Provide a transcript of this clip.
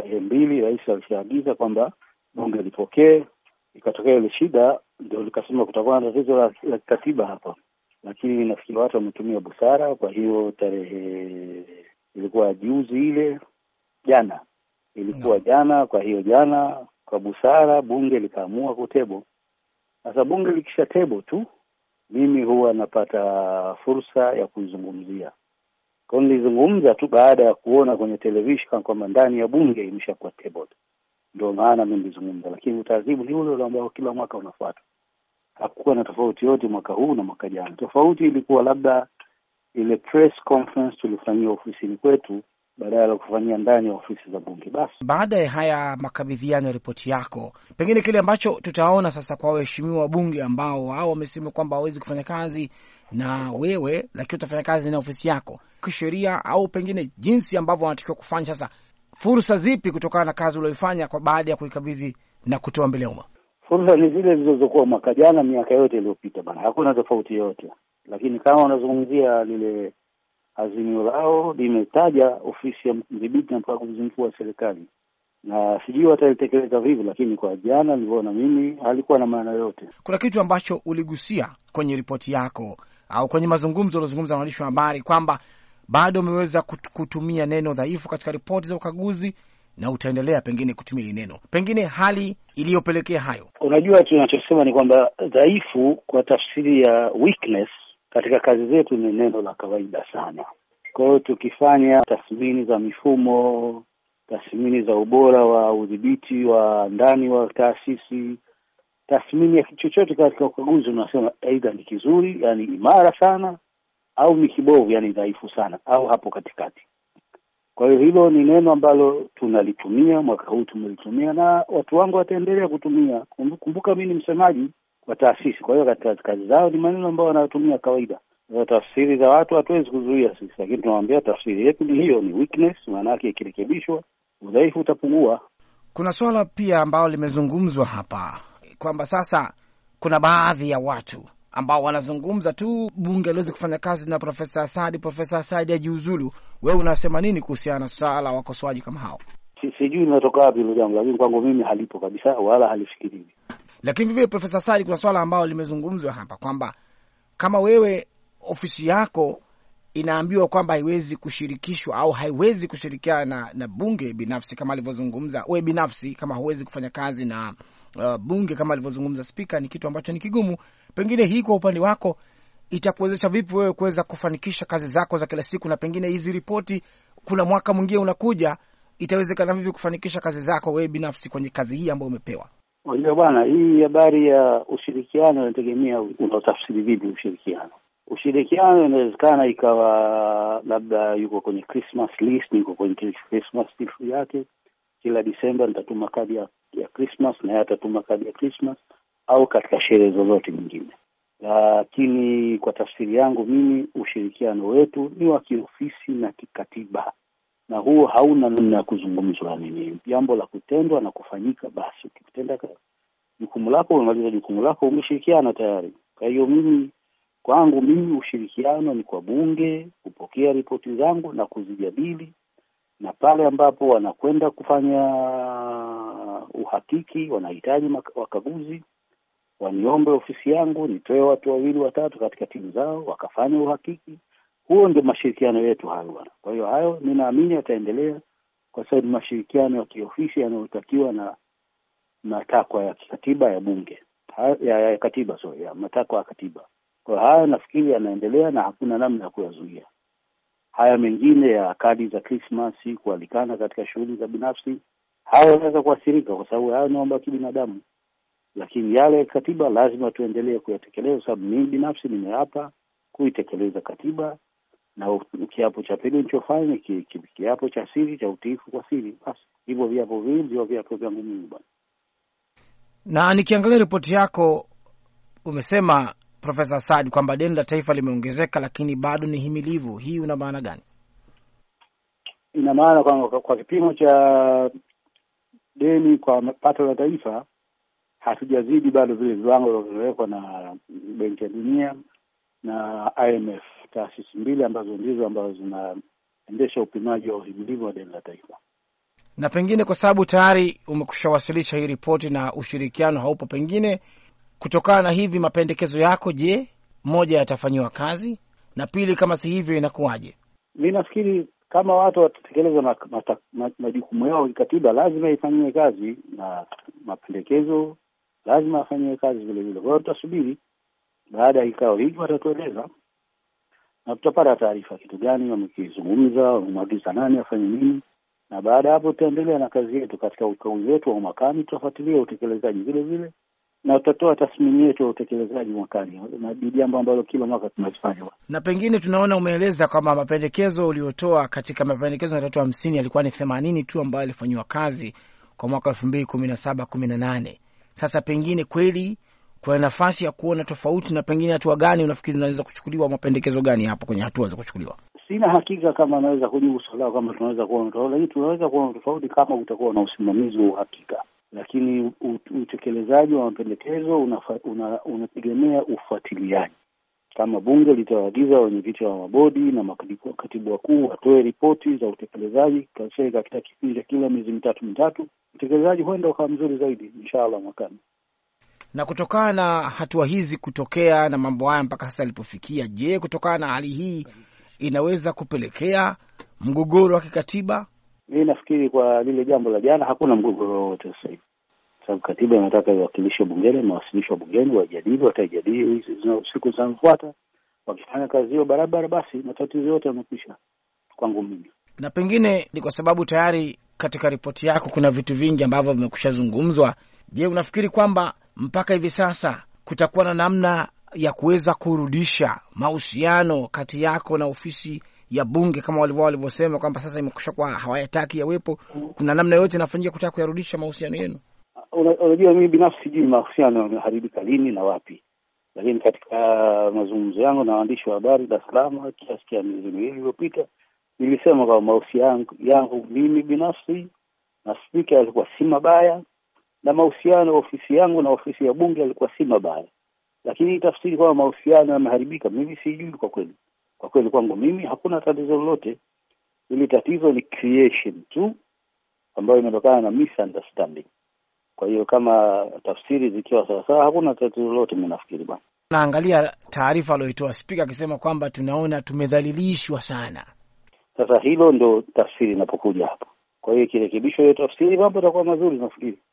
tarehe mbili rais alishaagiza kwamba bunge lipokee. Ikatokea ile shida, ndio likasema kutakuwa na tatizo la, la kikatiba hapa, lakini nafikiri watu wametumia busara. Kwa hiyo tarehe ilikuwa juzi, ile jana ilikuwa no. jana. Kwa hiyo jana, kwa busara, bunge likaamua kutebo. Sasa bunge likisha tebo tu, mimi huwa napata fursa ya kuizungumzia kwao. nilizungumza tu baada ya kuona kwenye television kwamba ndani ya bunge imeshakuwa tabled, ndio maana mi nilizungumza, lakini utaratibu ni ule ule ambao kila mwaka unafuata. Hakukuwa na tofauti yote mwaka huu na mwaka jana. Tofauti ilikuwa labda ile press conference tulifanyia ofisini kwetu badala ya kufanyia ndani ya ofisi za bunge. Basi baada ya haya makabidhiano ya ripoti yako, pengine kile ambacho tutaona sasa kwa waheshimiwa wa bunge ambao wao wamesema kwamba hawezi kufanya kazi na wewe, lakini utafanya kazi na ofisi yako kisheria, au pengine jinsi ambavyo wanatakiwa kufanya sasa, fursa zipi kutokana na kazi ulioifanya kwa baada ya kuikabidhi na kutoa mbele ya umma? Fursa ni zile zilizokuwa mwaka jana, miaka yote iliyopita bana, hakuna tofauti yoyote, lakini kama unazungumzia lile Azimio lao limetaja ofisi ya mdhibiti na mkaguzi mkuu wa serikali, na sijui watalitekeleza vivi lakini kwa jana nilivyoona mimi halikuwa na maana yoyote. Kuna kitu ambacho uligusia kwenye ripoti yako au kwenye mazungumzo uliozungumza na waandishi wa habari kwamba bado umeweza kutumia neno dhaifu katika ripoti za ukaguzi na utaendelea pengine kutumia hili neno, pengine hali iliyopelekea hayo. Unajua, tunachosema ni kwamba dhaifu kwa tafsiri ya weakness katika kazi zetu ni neno la kawaida sana. Kwa hiyo tukifanya tathmini za mifumo, tathmini za ubora wa udhibiti wa ndani wa taasisi, tathmini ya kitu chochote katika ukaguzi, unasema aidha ni kizuri, yani imara sana, au ni kibovu, yani dhaifu sana, au hapo katikati. Kwa hiyo hilo ni neno ambalo tunalitumia, mwaka huu tumelitumia na watu wangu wataendelea kutumia. Kumbuka mi ni msemaji kwa taasisi. Kwa hiyo katika kazi zao ni maneno ambayo wanayotumia kawaida. Tafsiri za watu hatuwezi kuzuia sisi, lakini tunawambia tafsiri yetu ni hiyo, ni weakness. Maana yake ikirekebishwa, udhaifu utapungua. Kuna swala pia ambalo limezungumzwa hapa kwamba sasa kuna baadhi ya watu ambao wanazungumza tu bunge aliwezi kufanya kazi na Profesa Asadi, Profesa Asadi ajiuzulu. Wewe unasema nini kuhusiana na swala la wakosoaji kama hao? Sijui linatoka wapi hilo jambo, lakini kwangu mimi halipo kabisa, wala halifikiriwi. Lakini vivyo Profesa Sari, kuna swala ambalo limezungumzwa hapa kwamba kama wewe ofisi yako inaambiwa kwamba haiwezi kushirikishwa au haiwezi kushirikiana na, na bunge binafsi kama alivyozungumza we binafsi, kama huwezi kufanya kazi na uh, bunge kama alivyozungumza spika, ni kitu ambacho ni kigumu. Pengine hii kwa upande wako itakuwezesha vipi wewe kuweza kufanikisha kazi zako za kila siku, na pengine hizi ripoti, kuna mwaka mwingine unakuja, itawezekana vipi kufanikisha kazi zako wewe binafsi kwenye kazi hii ambayo umepewa? Kwa bwana, hii habari ya ushirikiano inategemea unaotafsiri vipi ushirikiano. Ushirikiano inawezekana ikawa labda yuko kwenye Christmas list, yuko kwenye Christmas list yake, kila Disemba nitatuma kadi ya, ya Christmas na yeye atatuma kadi ya Christmas, au katika sherehe zozote nyingine. Lakini kwa tafsiri yangu mimi, ushirikiano wetu ni wa kiofisi na kikatiba, na huo hauna namna ya kuzungumzwa. Ni jambo la kutendwa na kufanyika. Basi ukitenda jukumu lako, umemaliza jukumu lako, umeshirikiana tayari. Kwa hiyo mimi kwangu mimi ushirikiano ni kwa bunge kupokea ripoti zangu na kuzijadili, na pale ambapo wanakwenda kufanya uhakiki, wanahitaji wakaguzi, waniombe ofisi yangu, nitoe watu wawili watatu katika timu zao wakafanya uhakiki. Huo ndio mashirikiano yetu hayo bwana. Kwa hiyo hayo ninaamini yataendelea kwa sababu ni mashirikiano ya kiofisi yanayotakiwa na matakwa ya kikatiba ya bunge ya, ya katiba sorry, ya matakwa ya katiba. Kwa hiyo haya nafikiri yanaendelea na hakuna namna ya kuyazuia. Haya mengine ya kadi za krismas kualikana katika shughuli za binafsi, hayo yanaweza kuathirika kwa sababu hayo ni mambo ya kibinadamu, lakini yale ya katiba lazima tuendelee kuyatekeleza, sababu mimi binafsi nimeapa kuitekeleza katiba na kiapo cha pili nilichofanya kiapo cha siri cha utiifu kwa siri. Basi hivyo viapo viwili ndio viapo vyangu mimi bwana. Na nikiangalia ripoti yako umesema Profesa Saad kwamba deni la taifa limeongezeka lakini bado ni himilivu. Hii una maana gani? Ina maana kwamba kwa, kwa kipimo cha deni kwa pato la taifa hatujazidi bado vile viwango vilivyowekwa na Benki ya Dunia na IMF taasisi mbili ambazo ndizo ambazo zinaendesha upimaji wa uhimilivu wa deni la taifa. Na pengine kwa sababu tayari umekushawasilisha hii ripoti na ushirikiano haupo, pengine kutokana na hivi mapendekezo yako, je, moja yatafanyiwa kazi na pili, kama si hivyo inakuwaje? Mi nafikiri kama watu watatekeleza majukumu yao kikatiba, lazima ifanyiwe kazi na mapendekezo lazima afanyiwe kazi vilevile. Kwa hiyo tutasubiri baada ya kikao hiki, watatueleza na tutapata taarifa kitu gani wamekizungumza, wamemwagiza nani afanye nini, na baada ya hapo tutaendelea na kazi yetu katika ukaguzi wetu wa mwakani. Tutafuatilia utekelezaji vile vile na tutatoa tathmini yetu ya utekelezaji mwakani, na jambo ambalo kila mwaka tunalifanya. Na pengine tunaona umeeleza kwamba mapendekezo uliotoa katika mapendekezo matatu hamsini yalikuwa ni themanini tu ambayo yalifanyiwa kazi kwa mwaka elfu mbili kumi na saba kumi na nane. Sasa pengine kweli kuna nafasi ya kuona tofauti, na pengine hatua gani unafikiri zinaweza kuchukuliwa, mapendekezo gani hapo kwenye hatua za kuchukuliwa? Sina hakika kama anaweza kujibu swali lako kama tunaweza kuona tofauti, lakini tunaweza kuona tofauti kama utakuwa na usimamizi wa uhakika, lakini utekelezaji wa mapendekezo unategemea una, una ufuatiliaji kama bunge litawaagiza viti wa mabodi na makatibu wakuu watoe ripoti za utekelezaji katika kipindi cha kila miezi mitatu mitatu, utekelezaji huenda ukawa mzuri zaidi, inshallah mwakani na kutokana na hatua hizi kutokea na mambo haya mpaka sasa yalipofikia, je, kutokana na hali hii inaweza kupelekea mgogoro wa kikatiba? Mi nafikiri kwa lile jambo la jana hakuna mgogoro wowote sasa hivi, sababu katiba inataka iwakilishwe bungeni, imewasilishwa bungeni, waijadili, wataijadili siku zinazofuata. Wakifanya kazi hiyo barabara, basi matatizo yote yamekwisha kwangu mimi. Na pengine ni kwa sababu tayari katika ripoti yako kuna vitu vingi ambavyo vimekushazungumzwa. Je, unafikiri kwamba mpaka hivi sasa kutakuwa na namna ya kuweza kurudisha mahusiano kati yako na ofisi ya bunge kama walivyo walivyosema kwamba sasa imekusha kwa hawayataki yawepo. Kuna namna yoyote inafanyika kutaka kuyarudisha mahusiano yenu? Uh, unajua, mimi binafsi sijui mahusiano yameharibika lini na wapi, lakini katika uh, mazungumzo yangu na waandishi wa habari Dar es Salaam kiasi cha miezi miwili iliyopita, nilisema kwamba mahusiano yangu mimi binafsi na spika yalikuwa si mabaya, na mahusiano ya ofisi yangu na ofisi ya bunge yalikuwa si mabaya, lakini tafsiri kwamba mahusiano yameharibika, mimi sijui kwa kweli. Kwa kweli kwangu mimi hakuna tatizo lolote, ili tatizo ni creation tu ambayo imetokana na misunderstanding. Kwa hiyo kama tafsiri zikiwa sawasawa, hakuna tatizo lolote, mimi nafikiri bwana. Naangalia taarifa aliyoitoa spika akisema kwamba tunaona tumedhalilishwa sana. Sasa hilo ndo tafsiri inapokuja hapo. Kwa hiyo ikirekebishwa hiyo tafsiri, mambo yatakuwa mazuri nafikiri.